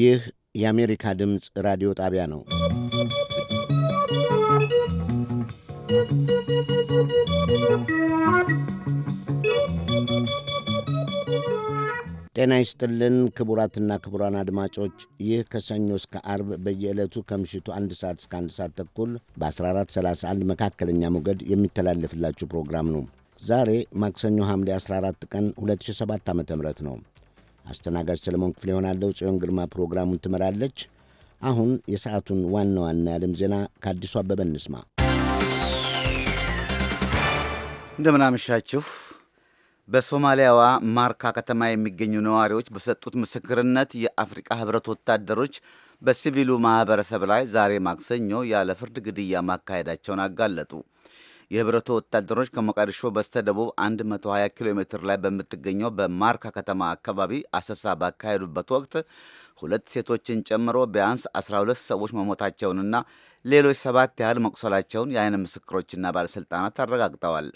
ይህ የአሜሪካ ድምፅ ራዲዮ ጣቢያ ነው። ጤና ይስጥልን ክቡራትና ክቡራን አድማጮች ይህ ከሰኞ እስከ አርብ በየዕለቱ ከምሽቱ አንድ ሰዓት እስከ አንድ ሰዓት ተኩል በ1431 መካከለኛ ሞገድ የሚተላለፍላችሁ ፕሮግራም ነው። ዛሬ ማክሰኞ ሐምሌ 14 ቀን 2007 ዓ.ም ነው። አስተናጋጅ ሰለሞን ክፍሌ ይሆናለሁ። ጽዮን ግርማ ፕሮግራሙን ትመራለች። አሁን የሰዓቱን ዋና ዋና የዓለም ዜና ከአዲሱ አበበ እንስማ። እንደምናመሻችሁ። በሶማሊያዋ ማርካ ከተማ የሚገኙ ነዋሪዎች በሰጡት ምስክርነት የአፍሪቃ ህብረት ወታደሮች በሲቪሉ ማኅበረሰብ ላይ ዛሬ ማክሰኞ ያለ ፍርድ ግድያ ማካሄዳቸውን አጋለጡ። የህብረቱ ወታደሮች ከሞቃዲሾ በስተ ደቡብ 120 ኪሎ ሜትር ላይ በምትገኘው በማርካ ከተማ አካባቢ አሰሳ ባካሄዱበት ወቅት ሁለት ሴቶችን ጨምሮ ቢያንስ 12 ሰዎች መሞታቸውንና ሌሎች ሰባት ያህል መቁሰላቸውን የአይን ምስክሮችና ባለሥልጣናት አረጋግጠዋል።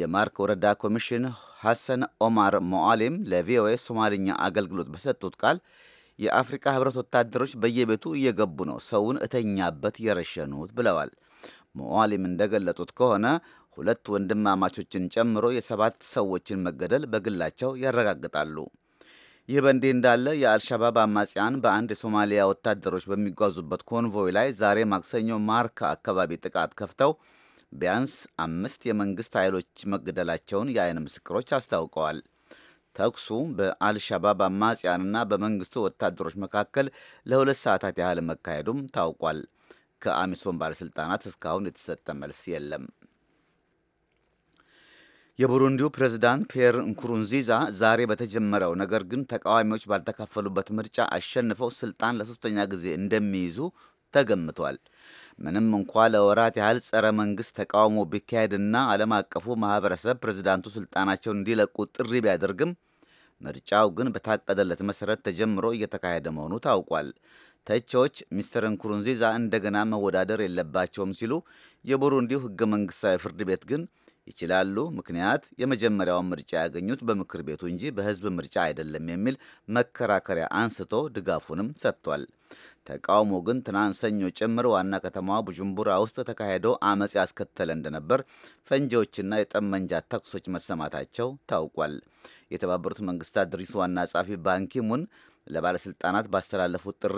የማርክ ወረዳ ኮሚሽን ሐሰን ኦማር ሞዓሊም ለቪኦኤ ሶማልኛ አገልግሎት በሰጡት ቃል የአፍሪካ ህብረት ወታደሮች በየቤቱ እየገቡ ነው ሰውን እተኛበት የረሸኑት ብለዋል። ሞዋሊም እንደገለጡት ከሆነ ሁለት ወንድማማቾችን ጨምሮ የሰባት ሰዎችን መገደል በግላቸው ያረጋግጣሉ። ይህ በእንዲህ እንዳለ የአልሻባብ አማጽያን በአንድ የሶማሊያ ወታደሮች በሚጓዙበት ኮንቮይ ላይ ዛሬ ማክሰኞ ማርካ አካባቢ ጥቃት ከፍተው ቢያንስ አምስት የመንግሥት ኃይሎች መገደላቸውን የአይን ምስክሮች አስታውቀዋል። ተኩሱ በአልሻባብ አማጽያንና በመንግስቱ ወታደሮች መካከል ለሁለት ሰዓታት ያህል መካሄዱም ታውቋል። ከአሚሶም ባለሥልጣናት እስካሁን የተሰጠ መልስ የለም። የቡሩንዲው ፕሬዝዳንት ፒየር ንኩሩንዚዛ ዛሬ በተጀመረው ነገር ግን ተቃዋሚዎች ባልተካፈሉበት ምርጫ አሸንፈው ስልጣን ለሶስተኛ ጊዜ እንደሚይዙ ተገምቷል። ምንም እንኳ ለወራት ያህል ጸረ መንግስት ተቃውሞ ቢካሄድና ዓለም አቀፉ ማህበረሰብ ፕሬዝዳንቱ ስልጣናቸውን እንዲለቁ ጥሪ ቢያደርግም ምርጫው ግን በታቀደለት መሰረት ተጀምሮ እየተካሄደ መሆኑ ታውቋል። ተቺዎች ሚስተር ንኩሩንዚዛ እንደገና መወዳደር የለባቸውም ሲሉ፣ የቡሩንዲው ህገ መንግስታዊ ፍርድ ቤት ግን ይችላሉ፣ ምክንያት የመጀመሪያውን ምርጫ ያገኙት በምክር ቤቱ እንጂ በህዝብ ምርጫ አይደለም የሚል መከራከሪያ አንስቶ ድጋፉንም ሰጥቷል። ተቃውሞ ግን ትናንት ሰኞ ጭምር ዋና ከተማዋ ቡጁምቡራ ውስጥ ተካሄደው አመፅ ያስከተለ እንደነበር ፈንጂዎችና የጠመንጃ ተኩሶች መሰማታቸው ታውቋል። የተባበሩት መንግስታት ድርጅት ዋና ጸሐፊ ባንኪሙን ለባለሥልጣናት ባስተላለፉት ጥሪ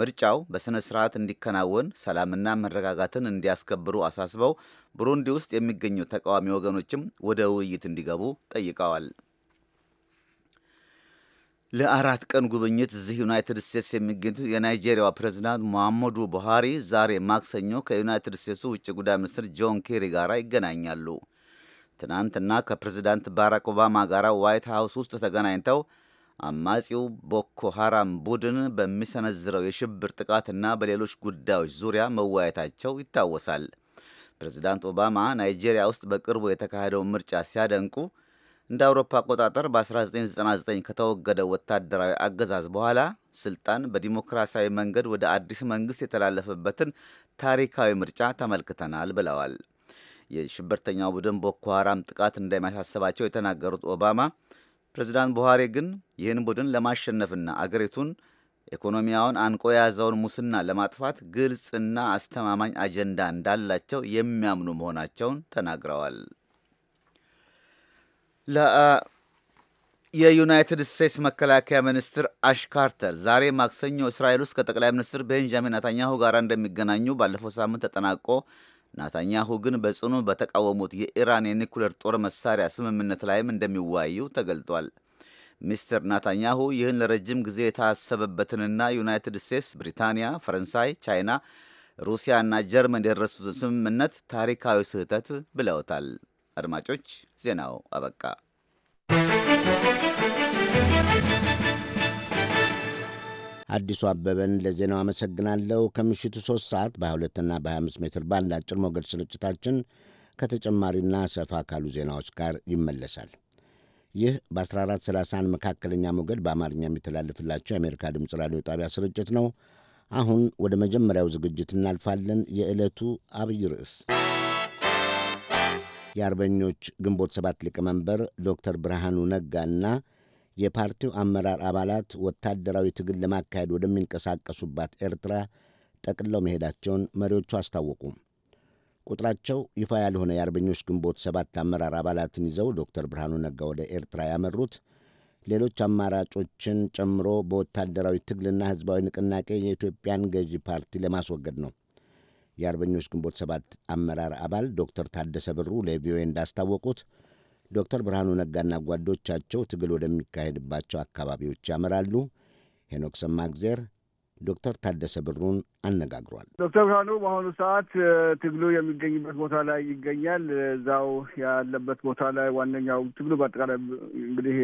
ምርጫው በሥነ ሥርዓት እንዲከናወን ሰላምና መረጋጋትን እንዲያስከብሩ አሳስበው ብሩንዲ ውስጥ የሚገኙ ተቃዋሚ ወገኖችም ወደ ውይይት እንዲገቡ ጠይቀዋል። ለአራት ቀን ጉብኝት እዚህ ዩናይትድ ስቴትስ የሚገኙት የናይጄሪያዋ ፕሬዚዳንት ሙሐመዱ ቡሃሪ ዛሬ ማክሰኞ ከዩናይትድ ስቴትሱ ውጭ ጉዳይ ሚኒስትር ጆን ኬሪ ጋር ይገናኛሉ። ትናንትና ከፕሬዚዳንት ባራክ ኦባማ ጋር ዋይት ሃውስ ውስጥ ተገናኝተው አማጺው ቦኮ ሃራም ቡድን በሚሰነዝረው የሽብር ጥቃትና በሌሎች ጉዳዮች ዙሪያ መወያየታቸው ይታወሳል። ፕሬዚዳንት ኦባማ ናይጄሪያ ውስጥ በቅርቡ የተካሄደውን ምርጫ ሲያደንቁ እንደ አውሮፓ አቆጣጠር በ1999 ከተወገደው ወታደራዊ አገዛዝ በኋላ ስልጣን በዲሞክራሲያዊ መንገድ ወደ አዲስ መንግስት የተላለፈበትን ታሪካዊ ምርጫ ተመልክተናል ብለዋል። የሽብርተኛው ቡድን ቦኮ ሃራም ጥቃት እንደማያሳስባቸው የተናገሩት ኦባማ ፕሬዚዳንት ቡሃሪ ግን ይህን ቡድን ለማሸነፍና አገሪቱን ኢኮኖሚያውን አንቆ የያዘውን ሙስና ለማጥፋት ግልጽና አስተማማኝ አጀንዳ እንዳላቸው የሚያምኑ መሆናቸውን ተናግረዋል። የዩናይትድ ስቴትስ መከላከያ ሚኒስትር አሽ ካርተር ዛሬ ማክሰኞ እስራኤል ውስጥ ከጠቅላይ ሚኒስትር ቤንጃሚን ነታንያሁ ጋር እንደሚገናኙ ባለፈው ሳምንት ተጠናቆ ናታኛሁ ግን በጽኑ በተቃወሙት የኢራን የኒኩሌር ጦር መሳሪያ ስምምነት ላይም እንደሚወያዩ ተገልጧል። ሚስተር ናታኛሁ ይህን ለረጅም ጊዜ የታሰበበትንና ዩናይትድ ስቴትስ፣ ብሪታንያ፣ ፈረንሳይ፣ ቻይና፣ ሩሲያና ጀርመን የደረሱትን ስምምነት ታሪካዊ ስህተት ብለውታል። አድማጮች ዜናው አበቃ። አዲሱ አበበን ለዜናው አመሰግናለሁ። ከምሽቱ 3 ሰዓት በ22ና በ25 ሜትር ባንድ አጭር ሞገድ ስርጭታችን ከተጨማሪና ሰፋ ካሉ ዜናዎች ጋር ይመለሳል። ይህ በ1430 መካከለኛ ሞገድ በአማርኛ የሚተላለፍላቸው የአሜሪካ ድምፅ ራዲዮ ጣቢያ ስርጭት ነው። አሁን ወደ መጀመሪያው ዝግጅት እናልፋለን። የዕለቱ አብይ ርዕስ የአርበኞች ግንቦት ሰባት ሊቀመንበር ዶክተር ብርሃኑ ነጋና የፓርቲው አመራር አባላት ወታደራዊ ትግል ለማካሄድ ወደሚንቀሳቀሱባት ኤርትራ ጠቅለው መሄዳቸውን መሪዎቹ አስታወቁ። ቁጥራቸው ይፋ ያልሆነ የአርበኞች ግንቦት ሰባት አመራር አባላትን ይዘው ዶክተር ብርሃኑ ነጋ ወደ ኤርትራ ያመሩት ሌሎች አማራጮችን ጨምሮ በወታደራዊ ትግልና ሕዝባዊ ንቅናቄ የኢትዮጵያን ገዢ ፓርቲ ለማስወገድ ነው። የአርበኞች ግንቦት ሰባት አመራር አባል ዶክተር ታደሰ ብሩ ለቪኦኤ እንዳስታወቁት ዶክተር ብርሃኑ ነጋና ጓዶቻቸው ትግል ወደሚካሄድባቸው አካባቢዎች ያመራሉ። ሄኖክ ሰማግዜር ዶክተር ታደሰ ብሩን አነጋግሯል። ዶክተር ብርሃኑ በአሁኑ ሰዓት ትግሉ የሚገኝበት ቦታ ላይ ይገኛል። እዛው ያለበት ቦታ ላይ ዋነኛው ትግሉ በአጠቃላይ እንግዲህ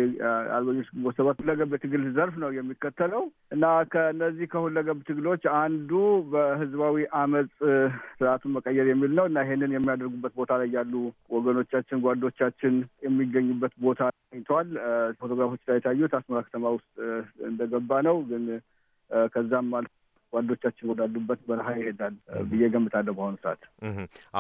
አርበኞች ግንቦት ሰባት ሁለገብ የትግል ዘርፍ ነው የሚከተለው እና ከእነዚህ ከሁለገብ ትግሎች አንዱ በህዝባዊ አመፅ ስርዓቱን መቀየር የሚል ነው እና ይሄንን የሚያደርጉበት ቦታ ላይ ያሉ ወገኖቻችን፣ ጓዶቻችን የሚገኙበት ቦታ ተገኝተዋል። ፎቶግራፎች ላይ የታዩት አስመራ ከተማ ውስጥ እንደገባ ነው ግን ከዛም አልፎ ወንዶቻችን ወዳሉበት በረሃ ይሄዳል ብዬ ገምታለሁ። በአሁኑ ሰዓት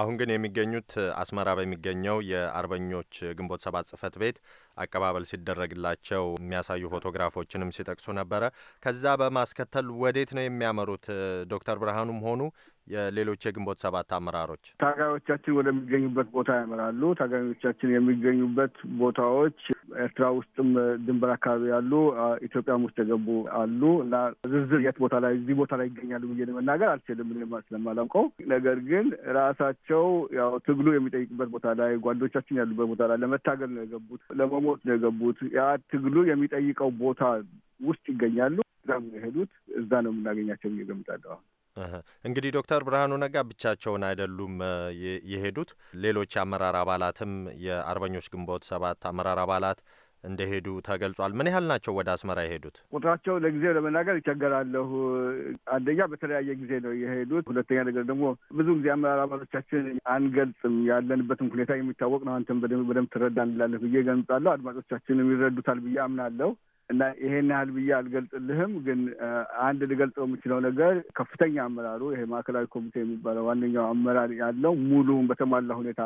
አሁን ግን የሚገኙት አስመራ በሚገኘው የአርበኞች ግንቦት ሰባት ጽህፈት ቤት አቀባበል ሲደረግላቸው የሚያሳዩ ፎቶግራፎችንም ሲጠቅሱ ነበረ። ከዛ በማስከተል ወዴት ነው የሚያመሩት? ዶክተር ብርሃኑም ሆኑ የሌሎች የግንቦት ሰባት አመራሮች ታጋዮቻችን ወደሚገኙበት ቦታ ያመራሉ። ታጋዮቻችን የሚገኙበት ቦታዎች ኤርትራ ውስጥም ድንበር አካባቢ ያሉ፣ ኢትዮጵያም ውስጥ የገቡ አሉ እና ዝርዝር የት ቦታ ላይ እዚህ ቦታ ላይ ይገኛሉ ብዬ መናገር አልችልም ስለማላውቀው። ነገር ግን ራሳቸው ያው ትግሉ የሚጠይቅበት ቦታ ላይ ጓዶቻችን ያሉበት ቦታ ላይ ለመታገል ነው የገቡት፣ ለመሞት ነው የገቡት። ያ ትግሉ የሚጠይቀው ቦታ ውስጥ ይገኛሉ። እዛ ነው የሄዱት። እዛ ነው የምናገኛቸው ብዬ እገምታለሁ። እንግዲህ ዶክተር ብርሃኑ ነጋ ብቻቸውን አይደሉም የሄዱት። ሌሎች የአመራር አባላትም የአርበኞች ግንቦት ሰባት አመራር አባላት እንደሄዱ ተገልጿል። ምን ያህል ናቸው ወደ አስመራ የሄዱት? ቁጥራቸው ለጊዜው ለመናገር ይቸገራለሁ። አንደኛ በተለያየ ጊዜ ነው የሄዱት። ሁለተኛ ነገር ደግሞ ብዙ ጊዜ አመራር አባሎቻችን አንገልጽም። ያለንበትም ሁኔታ የሚታወቅ ነው። አንተም በደንብ ትረዳ እንላለን ብዬ ገምጻለሁ። አድማጮቻችንም ይረዱታል ብዬ አምናለሁ። እና ይሄን ያህል ብዬ አልገልጽልህም። ግን አንድ ልገልጸው የምችለው ነገር ከፍተኛ አመራሩ ይሄ ማዕከላዊ ኮሚቴ የሚባለው ዋነኛው አመራር ያለው ሙሉውን በተሟላ ሁኔታ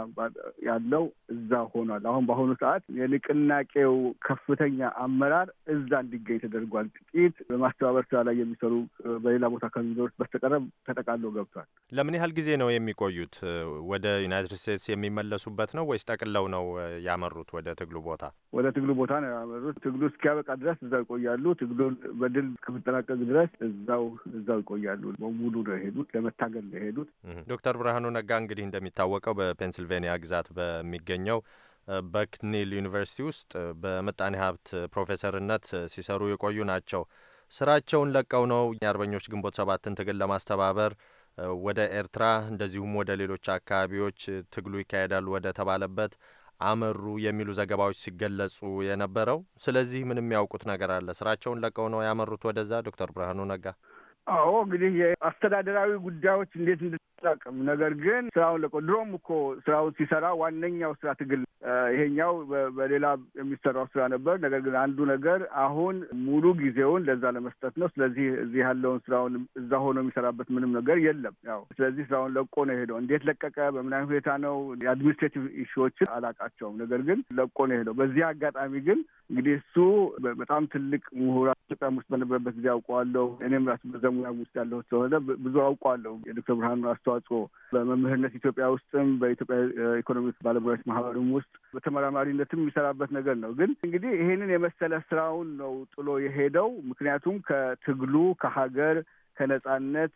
ያለው እዛ ሆኗል። አሁን በአሁኑ ሰዓት የንቅናቄው ከፍተኛ አመራር እዛ እንዲገኝ ተደርጓል። ጥቂት በማስተባበር ስራ ላይ የሚሰሩ በሌላ ቦታ ከሚኖሩት በስተቀረብ ተጠቃሎ ገብቷል። ለምን ያህል ጊዜ ነው የሚቆዩት? ወደ ዩናይትድ ስቴትስ የሚመለሱበት ነው ወይስ ጠቅለው ነው ያመሩት? ወደ ትግሉ ቦታ ወደ ትግሉ ቦታ ነው ያመሩት። ትግሉ እስኪያበቃ ድረስ ድረስ እዛው ይቆያሉ። ትግሉን በድል ከመጠናቀቅ ድረስ እዛው እዛው ይቆያሉ። በሙሉ ነው የሄዱት፣ ለመታገል ነው የሄዱት። ዶክተር ብርሃኑ ነጋ እንግዲህ እንደሚታወቀው በፔንስልቬኒያ ግዛት በሚገኘው በክኒል ዩኒቨርሲቲ ውስጥ በምጣኔ ሀብት ፕሮፌሰርነት ሲሰሩ የቆዩ ናቸው። ስራቸውን ለቀው ነው የአርበኞች ግንቦት ሰባትን ትግል ለማስተባበር ወደ ኤርትራ እንደዚሁም ወደ ሌሎች አካባቢዎች ትግሉ ይካሄዳል ወደ ተባለበት አመሩ የሚሉ ዘገባዎች ሲገለጹ የነበረው። ስለዚህ ምን የሚያውቁት ነገር አለ? ስራቸውን ለቀው ነው ያመሩት ወደዛ? ዶክተር ብርሃኑ ነጋ አዎ እንግዲህ የአስተዳደራዊ ጉዳዮች እንዴት አላውቅም። ነገር ግን ስራውን ለቆ ድሮም እኮ ስራውን ሲሰራ ዋነኛው ስራ ትግል፣ ይሄኛው በሌላ የሚሰራው ስራ ነበር። ነገር ግን አንዱ ነገር አሁን ሙሉ ጊዜውን ለዛ ለመስጠት ነው። ስለዚህ እዚህ ያለውን ስራውን እዛ ሆኖ የሚሰራበት ምንም ነገር የለም። ያው ስለዚህ ስራውን ለቆ ነው የሄደው። እንዴት ለቀቀ? በምን አይነት ሁኔታ ነው? የአድሚኒስትሬቲቭ ኢሹዎችን አላውቃቸውም። ነገር ግን ለቆ ነው የሄደው። በዚህ አጋጣሚ ግን እንግዲህ እሱ በጣም ትልቅ ምሁራ ኢትዮጵያ ውስጥ በነበረበት ጊዜ አውቀዋለሁ። እኔም ራሱ በዘሙያ ውስጥ ያለሁት ስለሆነ ብዙ አውቀዋለሁ የዶክተር ብርሃኑ ራሱ አስተዋጽኦ በመምህርነት ኢትዮጵያ ውስጥም በኢትዮጵያ ኢኮኖሚክ ባለሙያዎች ማህበርም ውስጥ በተመራማሪነትም የሚሰራበት ነገር ነው። ግን እንግዲህ ይሄንን የመሰለ ስራውን ነው ጥሎ የሄደው። ምክንያቱም ከትግሉ ከሀገር ከነጻነት፣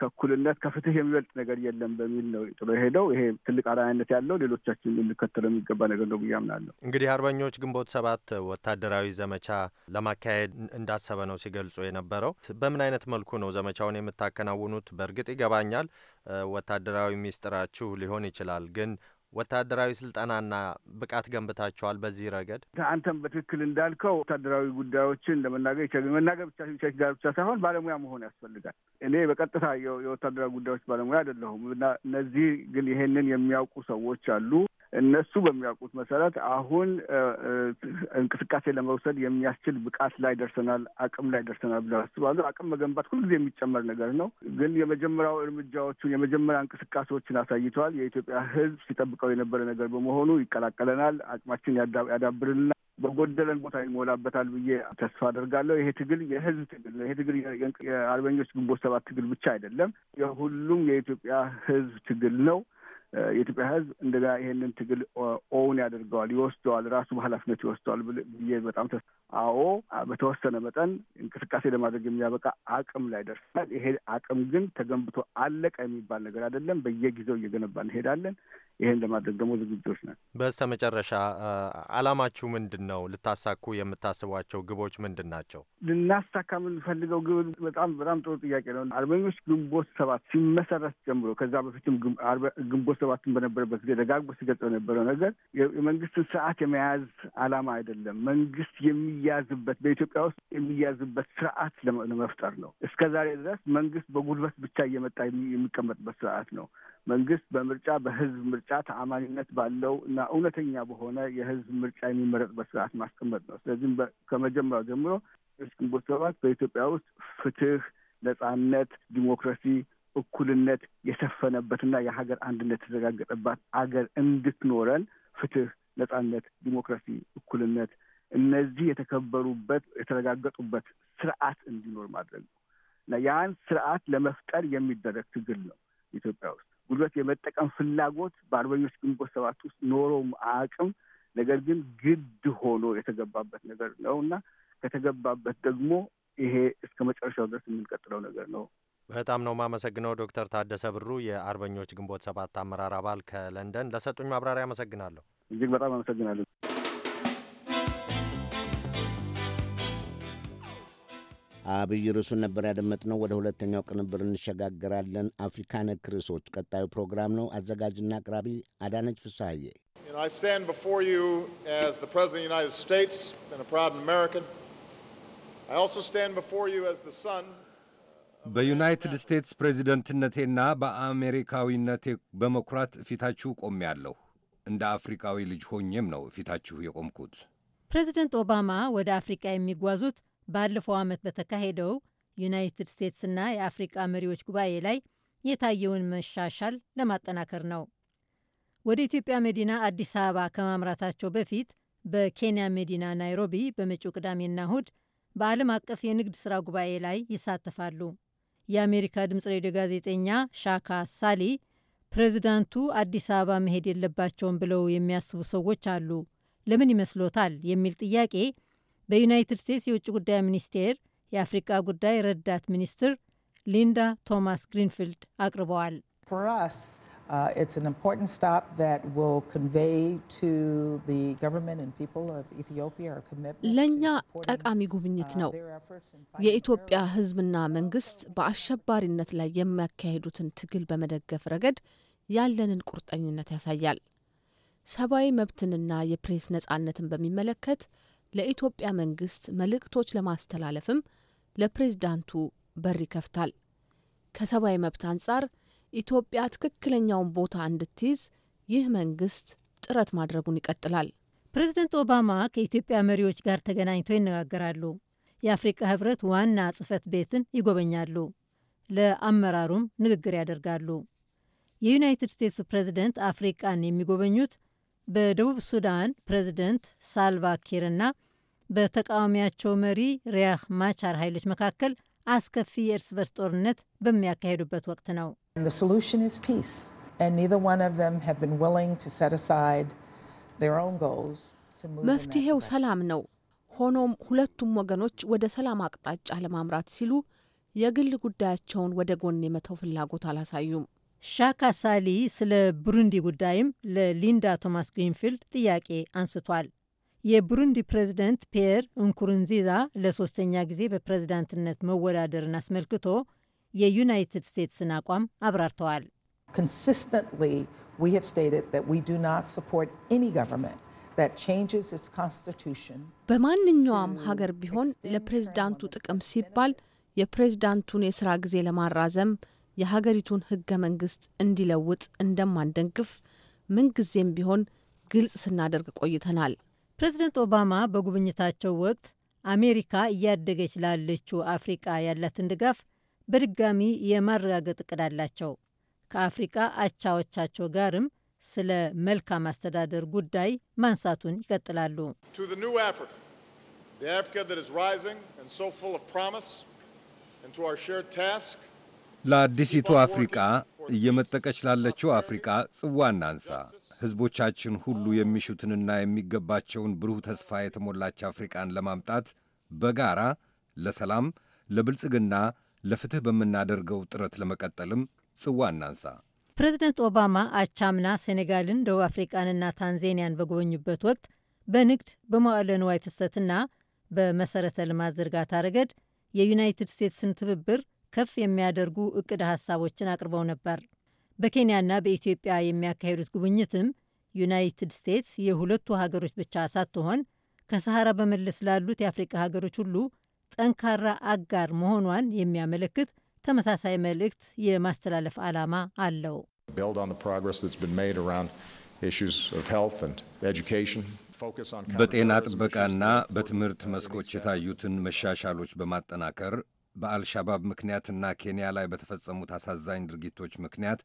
ከእኩልነት፣ ከፍትህ የሚበልጥ ነገር የለም በሚል ነው ጥሎ የሄደው። ይሄ ትልቅ አርአያነት ያለው ሌሎቻችን ልንከተለው የሚገባ ነገር ነው ብዬ አምናለሁ። እንግዲህ አርበኞች ግንቦት ሰባት ወታደራዊ ዘመቻ ለማካሄድ እንዳሰበ ነው ሲገልጹ የነበረው። በምን አይነት መልኩ ነው ዘመቻውን የምታከናውኑት? በእርግጥ ይገባኛል ወታደራዊ ሚስጥራችሁ ሊሆን ይችላል ግን ወታደራዊ ስልጠናና ብቃት ገንብታቸዋል። በዚህ ረገድ አንተም በትክክል እንዳልከው ወታደራዊ ጉዳዮችን ለመናገር ይቻላል። መናገር ብቻ ይችላል ብቻ ሳይሆን ባለሙያ መሆን ያስፈልጋል። እኔ በቀጥታ የወታደራዊ ጉዳዮች ባለሙያ አይደለሁም እና እነዚህ ግን ይሄንን የሚያውቁ ሰዎች አሉ። እነሱ በሚያውቁት መሰረት አሁን እንቅስቃሴ ለመውሰድ የሚያስችል ብቃት ላይ ደርሰናል፣ አቅም ላይ ደርሰናል ብለው አስባሉ አቅም መገንባት ሁልጊዜ የሚጨመር ነገር ነው። ግን የመጀመሪያው እርምጃዎቹን የመጀመሪያ እንቅስቃሴዎችን አሳይተዋል። የኢትዮጵያ ሕዝብ ሲጠብቀው የነበረ ነገር በመሆኑ ይቀላቀለናል፣ አቅማችን ያዳብርልናል፣ በጎደለን ቦታ ይሞላበታል ብዬ ተስፋ አደርጋለሁ። ይሄ ትግል የህዝብ ትግል ነው። ይሄ ትግል የአርበኞች ግንቦት ሰባት ትግል ብቻ አይደለም፣ የሁሉም የኢትዮጵያ ህዝብ ትግል ነው። የኢትዮጵያ ህዝብ እንደገና ይሄንን ትግል ኦውን ያደርገዋል፣ ይወስደዋል፣ ራሱ በኃላፊነት ይወስደዋል ብዬ በጣም ተስ አዎ በተወሰነ መጠን እንቅስቃሴ ለማድረግ የሚያበቃ አቅም ላይ ደርሰናል። ይሄ አቅም ግን ተገንብቶ አለቀ የሚባል ነገር አይደለም። በየጊዜው እየገነባ እንሄዳለን። ይህን ለማድረግ ደግሞ ዝግጆች ነን። በስተ መጨረሻ አላማችሁ ምንድን ነው? ልታሳኩ የምታስቧቸው ግቦች ምንድን ናቸው? ልናሳካ የምንፈልገው ግብ በጣም በጣም ጥሩ ጥያቄ ነው። አርበኞች ግንቦት ሰባት ሲመሰረት ጀምሮ ከዛ በፊትም ግንቦት ሰባትን በነበረበት ጊዜ ደጋግቦ ሲገጽ የነበረው ነገር የመንግስትን ስርዓት የመያዝ አላማ አይደለም መንግስት የሚ የሚያዝበት በኢትዮጵያ ውስጥ የሚያዝበት ስርዓት ለመፍጠር ነው። እስከ ዛሬ ድረስ መንግስት በጉልበት ብቻ እየመጣ የሚቀመጥበት ስርዓት ነው። መንግስት በምርጫ በህዝብ ምርጫ ተአማኒነት ባለው እና እውነተኛ በሆነ የህዝብ ምርጫ የሚመረጥበት ስርዓት ማስቀመጥ ነው። ስለዚህም ከመጀመሪያው ጀምሮ ግንቦት ሰባት በኢትዮጵያ ውስጥ ፍትህ፣ ነጻነት፣ ዲሞክራሲ እኩልነት የሰፈነበትና የሀገር አንድነት የተረጋገጠባት አገር እንድትኖረን ፍትህ፣ ነጻነት፣ ዲሞክራሲ፣ እኩልነት እነዚህ የተከበሩበት የተረጋገጡበት ስርዓት እንዲኖር ማድረግ ነው እና ያን ስርዓት ለመፍጠር የሚደረግ ትግል ነው ኢትዮጵያ ውስጥ። ጉልበት የመጠቀም ፍላጎት በአርበኞች ግንቦት ሰባት ውስጥ ኖሮም አቅም ነገር ግን ግድ ሆኖ የተገባበት ነገር ነው እና ከተገባበት ደግሞ ይሄ እስከ መጨረሻው ድረስ የምንቀጥለው ነገር ነው። በጣም ነው የማመሰግነው ዶክተር ታደሰ ብሩ የአርበኞች ግንቦት ሰባት አመራር አባል ከለንደን ለሰጡኝ ማብራሪያ አመሰግናለሁ። እጅግ በጣም አመሰግናለሁ። አብይ ርዕሱን ነበር ያደመጥነው። ወደ ሁለተኛው ቅንብር እንሸጋገራለን። አፍሪካ ነክ ርዕሶች ቀጣዩ ፕሮግራም ነው። አዘጋጅና አቅራቢ አዳነች ፍስሐዬ። በዩናይትድ ስቴትስ ፕሬዚደንትነቴና በአሜሪካዊነቴ በመኩራት ፊታችሁ ቆሜያለሁ። እንደ አፍሪካዊ ልጅ ሆኜም ነው ፊታችሁ የቆምኩት። ፕሬዚደንት ኦባማ ወደ አፍሪካ የሚጓዙት ባለፈው ዓመት በተካሄደው ዩናይትድ ስቴትስና የአፍሪቃ መሪዎች ጉባኤ ላይ የታየውን መሻሻል ለማጠናከር ነው። ወደ ኢትዮጵያ መዲና አዲስ አበባ ከማምራታቸው በፊት በኬንያ መዲና ናይሮቢ በመጪው ቅዳሜና እሁድ በዓለም አቀፍ የንግድ ሥራ ጉባኤ ላይ ይሳተፋሉ። የአሜሪካ ድምፅ ሬዲዮ ጋዜጠኛ ሻካ ሳሊ ፕሬዚዳንቱ አዲስ አበባ መሄድ የለባቸውም ብለው የሚያስቡ ሰዎች አሉ፣ ለምን ይመስሎታል? የሚል ጥያቄ በዩናይትድ ስቴትስ የውጭ ጉዳይ ሚኒስቴር የአፍሪቃ ጉዳይ ረዳት ሚኒስትር ሊንዳ ቶማስ ግሪንፊልድ አቅርበዋል። uh, ለእኛ ጠቃሚ ጉብኝት uh, ነው። የኢትዮጵያ ሕዝብና መንግስት በአሸባሪነት ላይ የሚያካሂዱትን ትግል በመደገፍ ረገድ ያለንን ቁርጠኝነት ያሳያል። ሰብአዊ መብትንና የፕሬስ ነጻነትን በሚመለከት ለኢትዮጵያ መንግስት መልእክቶች ለማስተላለፍም ለፕሬዝዳንቱ በር ይከፍታል። ከሰብአዊ መብት አንጻር ኢትዮጵያ ትክክለኛውን ቦታ እንድትይዝ ይህ መንግስት ጥረት ማድረጉን ይቀጥላል። ፕሬዝደንት ኦባማ ከኢትዮጵያ መሪዎች ጋር ተገናኝተው ይነጋገራሉ። የአፍሪካ ህብረት ዋና ጽህፈት ቤትን ይጎበኛሉ። ለአመራሩም ንግግር ያደርጋሉ። የዩናይትድ ስቴትሱ ፕሬዝደንት አፍሪቃን የሚጎበኙት በደቡብ ሱዳን ፕሬዚደንት ሳልቫ ኪርና በተቃዋሚያቸው መሪ ሪያህ ማቻር ኃይሎች መካከል አስከፊ የእርስ በርስ ጦርነት በሚያካሄዱበት ወቅት ነው። መፍትሄው ሰላም ነው። ሆኖም ሁለቱም ወገኖች ወደ ሰላም አቅጣጫ ለማምራት ሲሉ የግል ጉዳያቸውን ወደ ጎን የመተው ፍላጎት አላሳዩም። ሻካ ሳሊ ስለ ብሩንዲ ጉዳይም ለሊንዳ ቶማስ ግሪንፊልድ ጥያቄ አንስቷል። የብሩንዲ ፕሬዚደንት ፒየር እንኩሩንዚዛ ለሶስተኛ ጊዜ በፕሬዚዳንትነት መወዳደርን አስመልክቶ የዩናይትድ ስቴትስን አቋም አብራርተዋል። በማንኛውም ሀገር ቢሆን ለፕሬዝዳንቱ ጥቅም ሲባል የፕሬዝዳንቱን የስራ ጊዜ ለማራዘም የሀገሪቱን ህገ መንግስት እንዲለውጥ እንደማንደግፍ ምንጊዜም ቢሆን ግልጽ ስናደርግ ቆይተናል። ፕሬዚደንት ኦባማ በጉብኝታቸው ወቅት አሜሪካ እያደገች ላለችው አፍሪቃ ያላትን ድጋፍ በድጋሚ የማረጋገጥ እቅድ አላቸው። ከአፍሪቃ አቻዎቻቸው ጋርም ስለ መልካም አስተዳደር ጉዳይ ማንሳቱን ይቀጥላሉ። The Africa that is rising and so full of promise, and to our shared task ለአዲሲቱ አፍሪቃ እየመጠቀች ላለችው አፍሪቃ ጽዋ እናንሳ። ሕዝቦቻችን ሁሉ የሚሹትንና የሚገባቸውን ብሩህ ተስፋ የተሞላች አፍሪቃን ለማምጣት በጋራ ለሰላም፣ ለብልጽግና፣ ለፍትሕ በምናደርገው ጥረት ለመቀጠልም ጽዋ እናንሳ። ፕሬዚደንት ኦባማ አቻምና ሴኔጋልን፣ ደቡብ አፍሪቃንና ታንዛኒያን በጎበኙበት ወቅት በንግድ በመዋዕለ ንዋይ ፍሰትና በመሠረተ ልማት ዝርጋታ ረገድ የዩናይትድ ስቴትስን ትብብር ከፍ የሚያደርጉ እቅድ ሀሳቦችን አቅርበው ነበር። በኬንያና በኢትዮጵያ የሚያካሄዱት ጉብኝትም ዩናይትድ ስቴትስ የሁለቱ ሀገሮች ብቻ ሳትሆን ከሰሃራ በመለስ ላሉት የአፍሪካ ሀገሮች ሁሉ ጠንካራ አጋር መሆኗን የሚያመለክት ተመሳሳይ መልእክት የማስተላለፍ ዓላማ አለው። በጤና ጥበቃና በትምህርት መስኮች የታዩትን መሻሻሎች በማጠናከር በአልሻባብ ምክንያትና ኬንያ ላይ በተፈጸሙት አሳዛኝ ድርጊቶች ምክንያት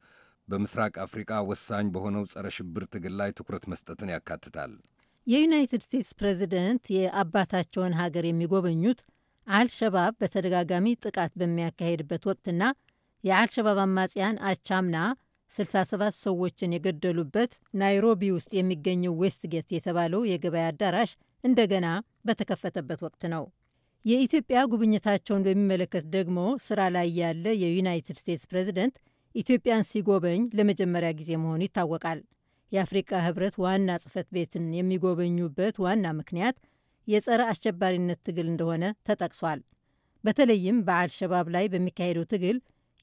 በምስራቅ አፍሪቃ ወሳኝ በሆነው ጸረ ሽብር ትግል ላይ ትኩረት መስጠትን ያካትታል። የዩናይትድ ስቴትስ ፕሬዚደንት የአባታቸውን ሀገር የሚጎበኙት አልሸባብ በተደጋጋሚ ጥቃት በሚያካሄድበት ወቅትና የአልሸባብ አማጽያን አቻምና 67 ሰዎችን የገደሉበት ናይሮቢ ውስጥ የሚገኘው ዌስትጌት የተባለው የገበያ አዳራሽ እንደገና በተከፈተበት ወቅት ነው። የኢትዮጵያ ጉብኝታቸውን በሚመለከት ደግሞ ስራ ላይ ያለ የዩናይትድ ስቴትስ ፕሬዚደንት ኢትዮጵያን ሲጎበኝ ለመጀመሪያ ጊዜ መሆኑ ይታወቃል። የአፍሪቃ ህብረት ዋና ጽህፈት ቤትን የሚጎበኙበት ዋና ምክንያት የጸረ አሸባሪነት ትግል እንደሆነ ተጠቅሷል። በተለይም በአልሸባብ ላይ በሚካሄደው ትግል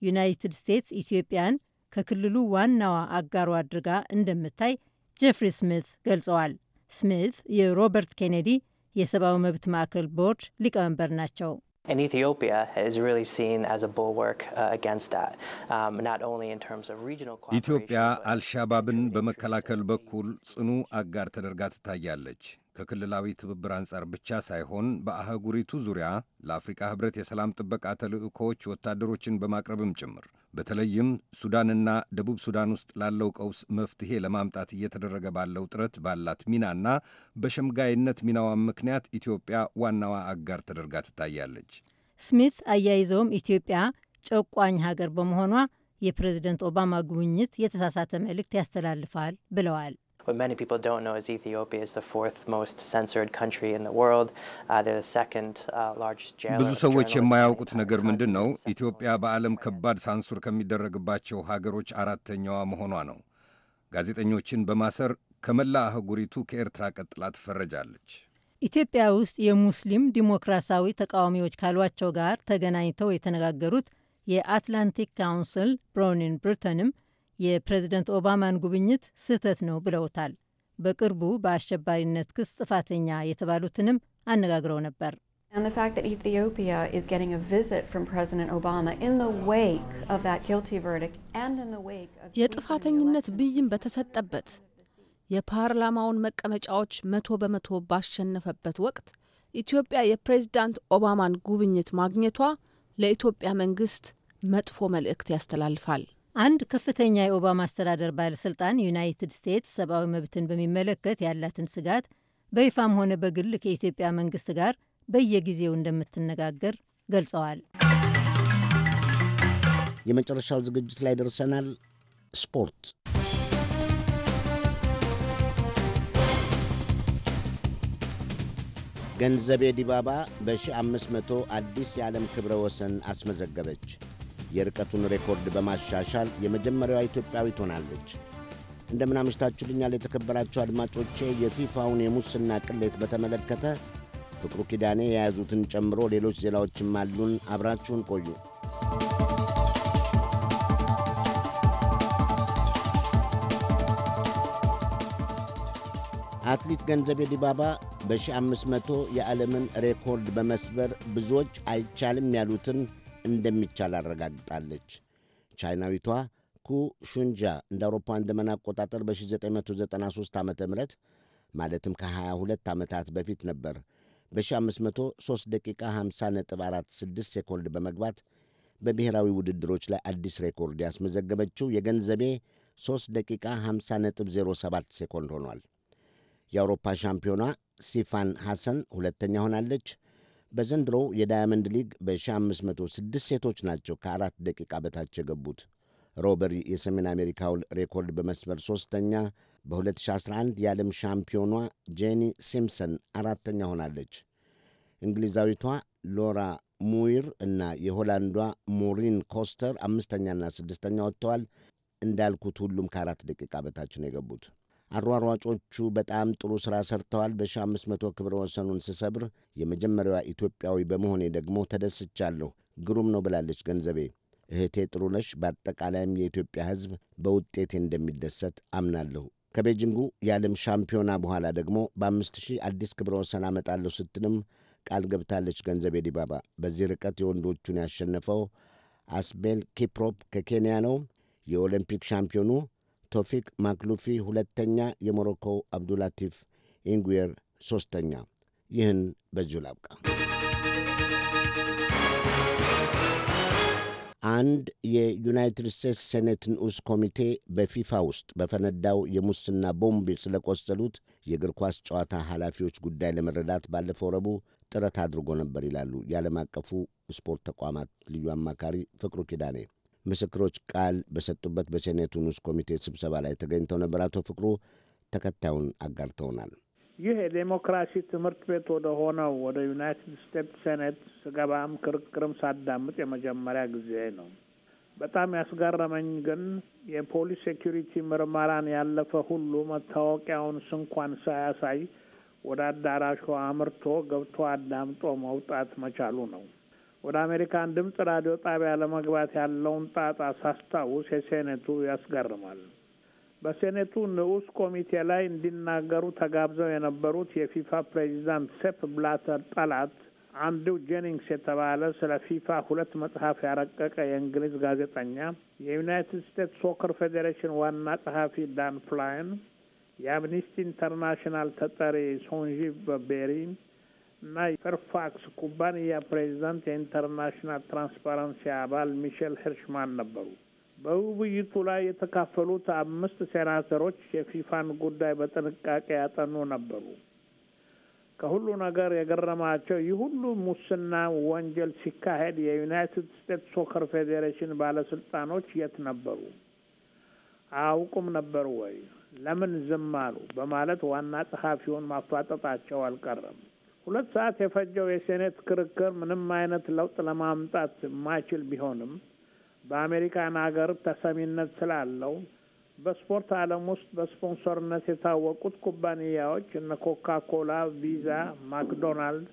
ዩናይትድ ስቴትስ ኢትዮጵያን ከክልሉ ዋናዋ አጋሯ አድርጋ እንደምታይ ጀፍሪ ስሚት ገልጸዋል። ስሚት የሮበርት ኬኔዲ የሰብአዊ መብት ማዕከል ቦርድ ሊቀመንበር ናቸው። uh, um, ኢትዮጵያ አልሻባብን በመከላከል በኩል ጽኑ አጋር ተደርጋ ትታያለች። ከክልላዊ ትብብር አንጻር ብቻ ሳይሆን በአህጉሪቱ ዙሪያ ለአፍሪካ ህብረት የሰላም ጥበቃ ተልዕኮዎች ወታደሮችን በማቅረብም ጭምር በተለይም ሱዳንና ደቡብ ሱዳን ውስጥ ላለው ቀውስ መፍትሄ ለማምጣት እየተደረገ ባለው ጥረት ባላት ሚናና በሸምጋይነት ሚናዋን ምክንያት ኢትዮጵያ ዋናዋ አጋር ተደርጋ ትታያለች። ስሚት አያይዘውም ኢትዮጵያ ጨቋኝ ሀገር በመሆኗ የፕሬዝደንት ኦባማ ጉብኝት የተሳሳተ መልእክት ያስተላልፋል ብለዋል። What many people don't know is Ethiopia is the fourth most censored country in the world. Uh, they're the second uh, largest jail. ብዙ ሰዎች የማያውቁት ነገር ምንድን ነው? ኢትዮጵያ በዓለም ከባድ ሳንሱር ከሚደረግባቸው ሀገሮች አራተኛዋ መሆኗ ነው። ጋዜጠኞችን በማሰር ከመላ አህጉሪቱ ከኤርትራ ቀጥላ ትፈረጃለች። ኢትዮጵያ ውስጥ የሙስሊም ዲሞክራሲያዊ ተቃዋሚዎች ካሏቸው ጋር ተገናኝተው የተነጋገሩት የአትላንቲክ ካውንስል ብራውን ኤንድ የፕሬዝደንት ኦባማን ጉብኝት ስህተት ነው ብለውታል። በቅርቡ በአሸባሪነት ክስ ጥፋተኛ የተባሉትንም አነጋግረው ነበር። የጥፋተኝነት ብይን በተሰጠበት የፓርላማውን መቀመጫዎች መቶ በመቶ ባሸነፈበት ወቅት ኢትዮጵያ የፕሬዝዳንት ኦባማን ጉብኝት ማግኘቷ ለኢትዮጵያ መንግስት መጥፎ መልእክት ያስተላልፋል። አንድ ከፍተኛ የኦባማ አስተዳደር ባለሥልጣን ዩናይትድ ስቴትስ ሰብአዊ መብትን በሚመለከት ያላትን ስጋት በይፋም ሆነ በግል ከኢትዮጵያ መንግስት ጋር በየጊዜው እንደምትነጋገር ገልጸዋል። የመጨረሻው ዝግጅት ላይ ደርሰናል። ስፖርት ገንዘቤ ዲባባ በ1500 አዲስ የዓለም ክብረ ወሰን አስመዘገበች። የርቀቱን ሬኮርድ በማሻሻል የመጀመሪያዋ ኢትዮጵያዊ ትሆናለች። እንደምናመሽታችሁልኛል የተከበራችሁ አድማጮቼ። የፊፋውን የሙስና ቅሌት በተመለከተ ፍቅሩ ኪዳኔ የያዙትን ጨምሮ ሌሎች ዜናዎችም አሉን። አብራችሁን ቆዩ። አትሌት ገንዘቤ ዲባባ በ1500 የዓለምን ሬኮርድ በመስበር ብዙዎች አይቻልም ያሉትን እንደሚቻል አረጋግጣለች። ቻይናዊቷ ኩ ሹንጃ እንደ አውሮፓውያን ዘመን አቆጣጠር በ1993 ዓ ም ማለትም ከ22 ዓመታት በፊት ነበር በ1503 ደቂቃ 50 ነጥብ 46 ሴኮንድ በመግባት በብሔራዊ ውድድሮች ላይ አዲስ ሬኮርድ ያስመዘገበችው የገንዘቤ 3 ደቂቃ 50 ነጥብ 07 ሴኮንድ ሆኗል። የአውሮፓ ሻምፒዮኗ ሲፋን ሐሰን ሁለተኛ ሆናለች። በዘንድሮው የዳያመንድ ሊግ በ1506 ሴቶች ናቸው ከአራት ደቂቃ በታች የገቡት። ሮበሪ የሰሜን አሜሪካውን ሬኮርድ በመስበር ሦስተኛ፣ በ2011 የዓለም ሻምፒዮኗ ጄኒ ሲምፕሰን አራተኛ ሆናለች። እንግሊዛዊቷ ሎራ ሙይር እና የሆላንዷ ሞሪን ኮስተር አምስተኛና ስድስተኛ ወጥተዋል። እንዳልኩት ሁሉም ከአራት ደቂቃ በታች ነው የገቡት። አሯሯጮቹ በጣም ጥሩ ሥራ ሰርተዋል። በ1500 ክብረ ወሰኑን ስሰብር የመጀመሪያዋ ኢትዮጵያዊ በመሆኔ ደግሞ ተደስቻለሁ። ግሩም ነው ብላለች ገንዘቤ። እህቴ ጥሩ ነሽ በአጠቃላይም የኢትዮጵያ ሕዝብ በውጤቴ እንደሚደሰት አምናለሁ። ከቤጂንጉ የዓለም ሻምፒዮና በኋላ ደግሞ በአምስት ሺህ አዲስ ክብረ ወሰን አመጣለሁ ስትልም ቃል ገብታለች ገንዘቤ ዲባባ። በዚህ ርቀት የወንዶቹን ያሸነፈው አስቤል ኪፕሮፕ ከኬንያ ነው። የኦሎምፒክ ሻምፒዮኑ ቶፊክ ማክሉፊ ሁለተኛ፣ የሞሮኮው አብዱላቲፍ ኢንጉየር ሦስተኛ። ይህን በዚሁ ላብቃ። አንድ የዩናይትድ ስቴትስ ሴኔት ንዑስ ኮሚቴ በፊፋ ውስጥ በፈነዳው የሙስና ቦምብ ስለቆሰሉት የእግር ኳስ ጨዋታ ኃላፊዎች ጉዳይ ለመረዳት ባለፈው ረቡዕ ጥረት አድርጎ ነበር ይላሉ የዓለም አቀፉ ስፖርት ተቋማት ልዩ አማካሪ ፍቅሩ ኪዳኔ። ምስክሮች ቃል በሰጡበት በሴኔቱ ንዑስ ኮሚቴ ስብሰባ ላይ ተገኝተው ነበር። አቶ ፍቅሩ ተከታዩን አጋርተውናል። ይህ የዴሞክራሲ ትምህርት ቤት ወደ ሆነው ወደ ዩናይትድ ስቴትስ ሴኔት ስገባም ክርክርም ሳዳምጥ የመጀመሪያ ጊዜ ነው። በጣም ያስገረመኝ ግን የፖሊስ ሴኪሪቲ ምርመራን ያለፈ ሁሉ መታወቂያውን ስንኳን ሳያሳይ ወደ አዳራሹ አምርቶ ገብቶ አዳምጦ መውጣት መቻሉ ነው። ወደ አሜሪካን ድምፅ ራዲዮ ጣቢያ ለመግባት ያለውን ጣጣ ሳስታውስ የሴኔቱ ያስገርማል። በሴኔቱ ንዑስ ኮሚቴ ላይ እንዲናገሩ ተጋብዘው የነበሩት የፊፋ ፕሬዚዳንት ሴፕ ብላተር ጠላት አንድው ጄኒንግስ የተባለ ስለ ፊፋ ሁለት መጽሐፍ ያረቀቀ የእንግሊዝ ጋዜጠኛ፣ የዩናይትድ ስቴትስ ሶከር ፌዴሬሽን ዋና ጸሐፊ ዳን ፍላይን፣ የአምኒስቲ ኢንተርናሽናል ተጠሪ ሶንጂ በቤሪ እና የፌርፋክስ ኩባንያ ፕሬዚዳንት የኢንተርናሽናል ትራንስፓረንሲ አባል ሚሼል ሂርሽማን ነበሩ። በውይይቱ ላይ የተካፈሉት አምስት ሴናተሮች የፊፋን ጉዳይ በጥንቃቄ ያጠኑ ነበሩ። ከሁሉ ነገር የገረማቸው ይህ ሁሉ ሙስና ወንጀል ሲካሄድ የዩናይትድ ስቴትስ ሶከር ፌዴሬሽን ባለስልጣኖች የት ነበሩ? አያውቁም ነበር ወይ? ለምን ዝም አሉ? በማለት ዋና ጸሐፊውን ማፋጠጣቸው አልቀረም። ሁለት ሰዓት የፈጀው የሴኔት ክርክር ምንም አይነት ለውጥ ለማምጣት የማይችል ቢሆንም በአሜሪካን ሀገር ተሰሚነት ስላለው በስፖርት ዓለም ውስጥ በስፖንሰርነት የታወቁት ኩባንያዎች እነ ኮካ ኮላ፣ ቪዛ፣ ማክዶናልድ፣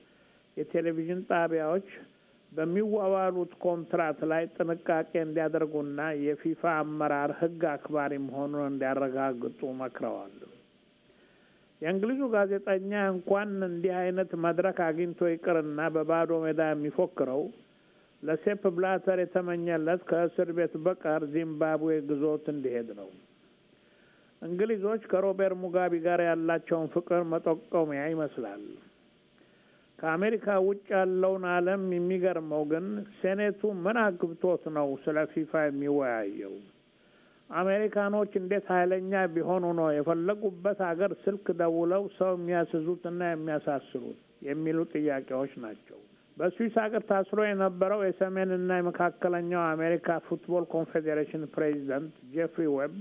የቴሌቪዥን ጣቢያዎች በሚዋዋሉት ኮንትራት ላይ ጥንቃቄ እንዲያደርጉና የፊፋ አመራር ሕግ አክባሪ መሆኑን እንዲያረጋግጡ መክረዋል። የእንግሊዙ ጋዜጠኛ እንኳን እንዲህ አይነት መድረክ አግኝቶ ይቅርና በባዶ ሜዳ የሚፎክረው ለሴፕ ብላተር የተመኘለት ከእስር ቤት በቀር ዚምባብዌ ግዞት እንዲሄድ ነው። እንግሊዞች ከሮቤር ሙጋቢ ጋር ያላቸውን ፍቅር መጠቆሚያ ይመስላል። ከአሜሪካ ውጭ ያለውን ዓለም የሚገርመው ግን ሴኔቱ ምን አግብቶት ነው ስለ ፊፋ የሚወያየው? አሜሪካኖች እንዴት ኃይለኛ ቢሆኑ ነው የፈለጉበት ሀገር ስልክ ደውለው ሰው የሚያስዙትና የሚያሳስሩት የሚሉ ጥያቄዎች ናቸው። በስዊስ ሀገር ታስሮ የነበረው የሰሜንና የመካከለኛው አሜሪካ ፉትቦል ኮንፌዴሬሽን ፕሬዚደንት ጄፍሪ ዌብ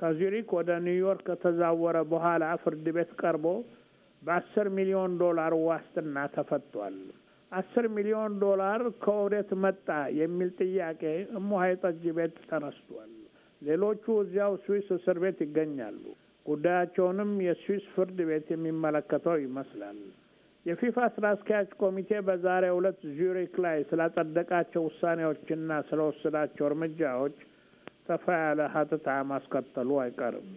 ከዙሪክ ወደ ኒውዮርክ ከተዛወረ በኋላ ፍርድ ቤት ቀርቦ በአስር ሚሊዮን ዶላር ዋስትና ተፈቷል። አስር ሚሊዮን ዶላር ከወዴት መጣ የሚል ጥያቄ እሞ ጠጅ ቤት ተነስቷል። ሌሎቹ እዚያው ስዊስ እስር ቤት ይገኛሉ። ጉዳያቸውንም የስዊስ ፍርድ ቤት የሚመለከተው ይመስላል። የፊፋ ስራ አስኪያጅ ኮሚቴ በዛሬው ዕለት ዙሪክ ላይ ስላጸደቃቸው ውሳኔዎችና ስለወሰዳቸው እርምጃዎች ሰፋ ያለ ሀተታ ማስከተሉ አይቀርም።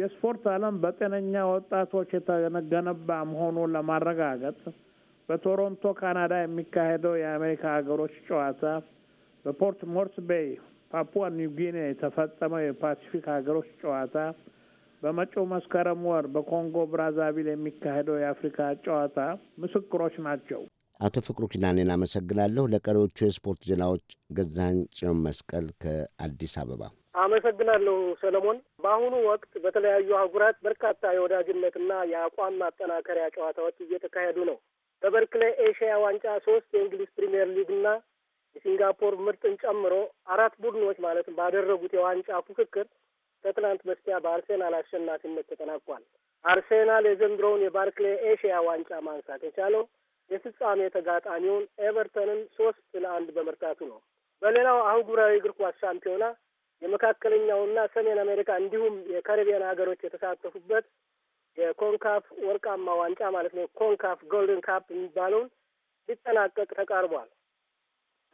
የስፖርት ዓለም በጤነኛ ወጣቶች የተገነባ መሆኑን ለማረጋገጥ በቶሮንቶ ካናዳ የሚካሄደው የአሜሪካ ሀገሮች ጨዋታ በፖርት ቤይ ፓፑዋ ኒው ጊኒ የተፈጸመው የፓሲፊክ ሀገሮች ጨዋታ በመጪው መስከረም ወር በኮንጎ ብራዛቪል የሚካሄደው የአፍሪካ ጨዋታ ምስክሮች ናቸው። አቶ ፍቅሩ ኪዳኔን አመሰግናለሁ። ለቀሪዎቹ የስፖርት ዜናዎች ገዛኝ ጽዮን መስቀል ከአዲስ አበባ አመሰግናለሁ ሰለሞን። በአሁኑ ወቅት በተለያዩ አህጉራት በርካታ የወዳጅነትና የአቋም ማጠናከሪያ ጨዋታዎች እየተካሄዱ ነው። በበርክሌ ኤሽያ ዋንጫ ሶስት የእንግሊዝ ፕሪምየር ሊግና የሲንጋፖር ምርጥን ጨምሮ አራት ቡድኖች ማለትም ባደረጉት የዋንጫ ፉክክር ከትናንት በስቲያ በአርሴናል አሸናፊነት ተጠናቋል። አርሴናል የዘንድሮውን የባርክሌ ኤሽያ ዋንጫ ማንሳት የቻለው የፍጻሜ ተጋጣሚውን ኤቨርተንን ሶስት ለአንድ በመርታቱ ነው። በሌላው አህጉራዊ እግር ኳስ ሻምፒዮና የመካከለኛውና ሰሜን አሜሪካ እንዲሁም የካሪቢያን ሀገሮች የተሳተፉበት የኮንካፍ ወርቃማ ዋንጫ ማለት ነው ኮንካፍ ጎልደን ካፕ የሚባለውን ሊጠናቀቅ ተቃርቧል።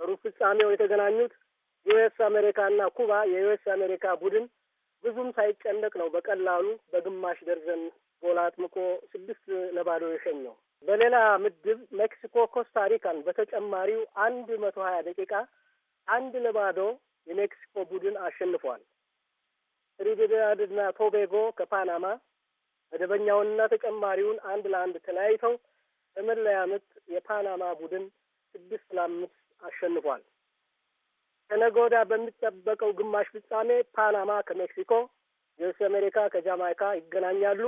ሩብ ፍጻሜው የተገናኙት ዩኤስ አሜሪካና ኩባ የዩኤስ አሜሪካ ቡድን ብዙም ሳይጨነቅ ነው በቀላሉ በግማሽ ደርዘን ጎል አጥምቆ ስድስት ለባዶ የሸኘው። በሌላ ምድብ ሜክሲኮ ኮስታሪካን በተጨማሪው አንድ መቶ ሀያ ደቂቃ አንድ ለባዶ የሜክሲኮ ቡድን አሸንፏል። እና ቶቤጎ ከፓናማ መደበኛውንና ተጨማሪውን አንድ ለአንድ ተለያይተው በመለያ ምት የፓናማ ቡድን ስድስት ለአምስት አሸንፏል። ከነገ ወዲያ በሚጠበቀው ግማሽ ፍጻሜ ፓናማ ከሜክሲኮ፣ ዩኤስ አሜሪካ ከጃማይካ ይገናኛሉ።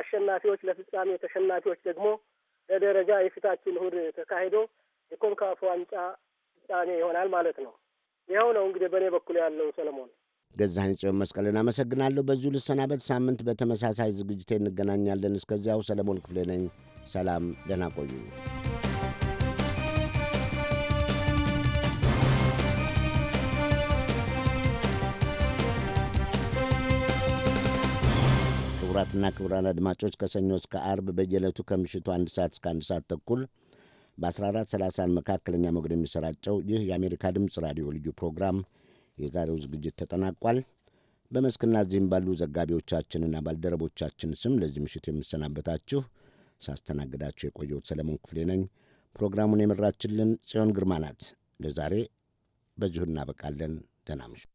አሸናፊዎች ለፍጻሜ ተሸናፊዎች ደግሞ ለደረጃ የፊታችን እሁድ ተካሂዶ የኮንካፍ ዋንጫ ፍጻሜ ይሆናል ማለት ነው። ይኸው ነው እንግዲህ በእኔ በኩል ያለው ሰለሞን ገዛኸኝ ጽዮን መስቀልን አመሰግናለሁ። በዚሁ ልሰናበት። ሳምንት በተመሳሳይ ዝግጅቴ እንገናኛለን። እስከዚያው ሰለሞን ክፍሌ ነኝ። ሰላም፣ ደህና ቆዩ። ክቡራትና ክቡራን አድማጮች ከሰኞ እስከ አርብ በየዕለቱ ከምሽቱ አንድ ሰዓት እስከ አንድ ሰዓት ተኩል በ1430 መካከለኛ ሞገድ የሚሰራጨው ይህ የአሜሪካ ድምፅ ራዲዮ ልዩ ፕሮግራም የዛሬው ዝግጅት ተጠናቋል። በመስክና እዚህም ባሉ ዘጋቢዎቻችንና ባልደረቦቻችን ስም ለዚህ ምሽት የምሰናበታችሁ ሳስተናግዳችሁ የቆየሁት ሰለሞን ክፍሌ ነኝ። ፕሮግራሙን የመራችልን ጽዮን ግርማ ናት። ለዛሬ በዚሁ እናበቃለን። ደህና ምሽት።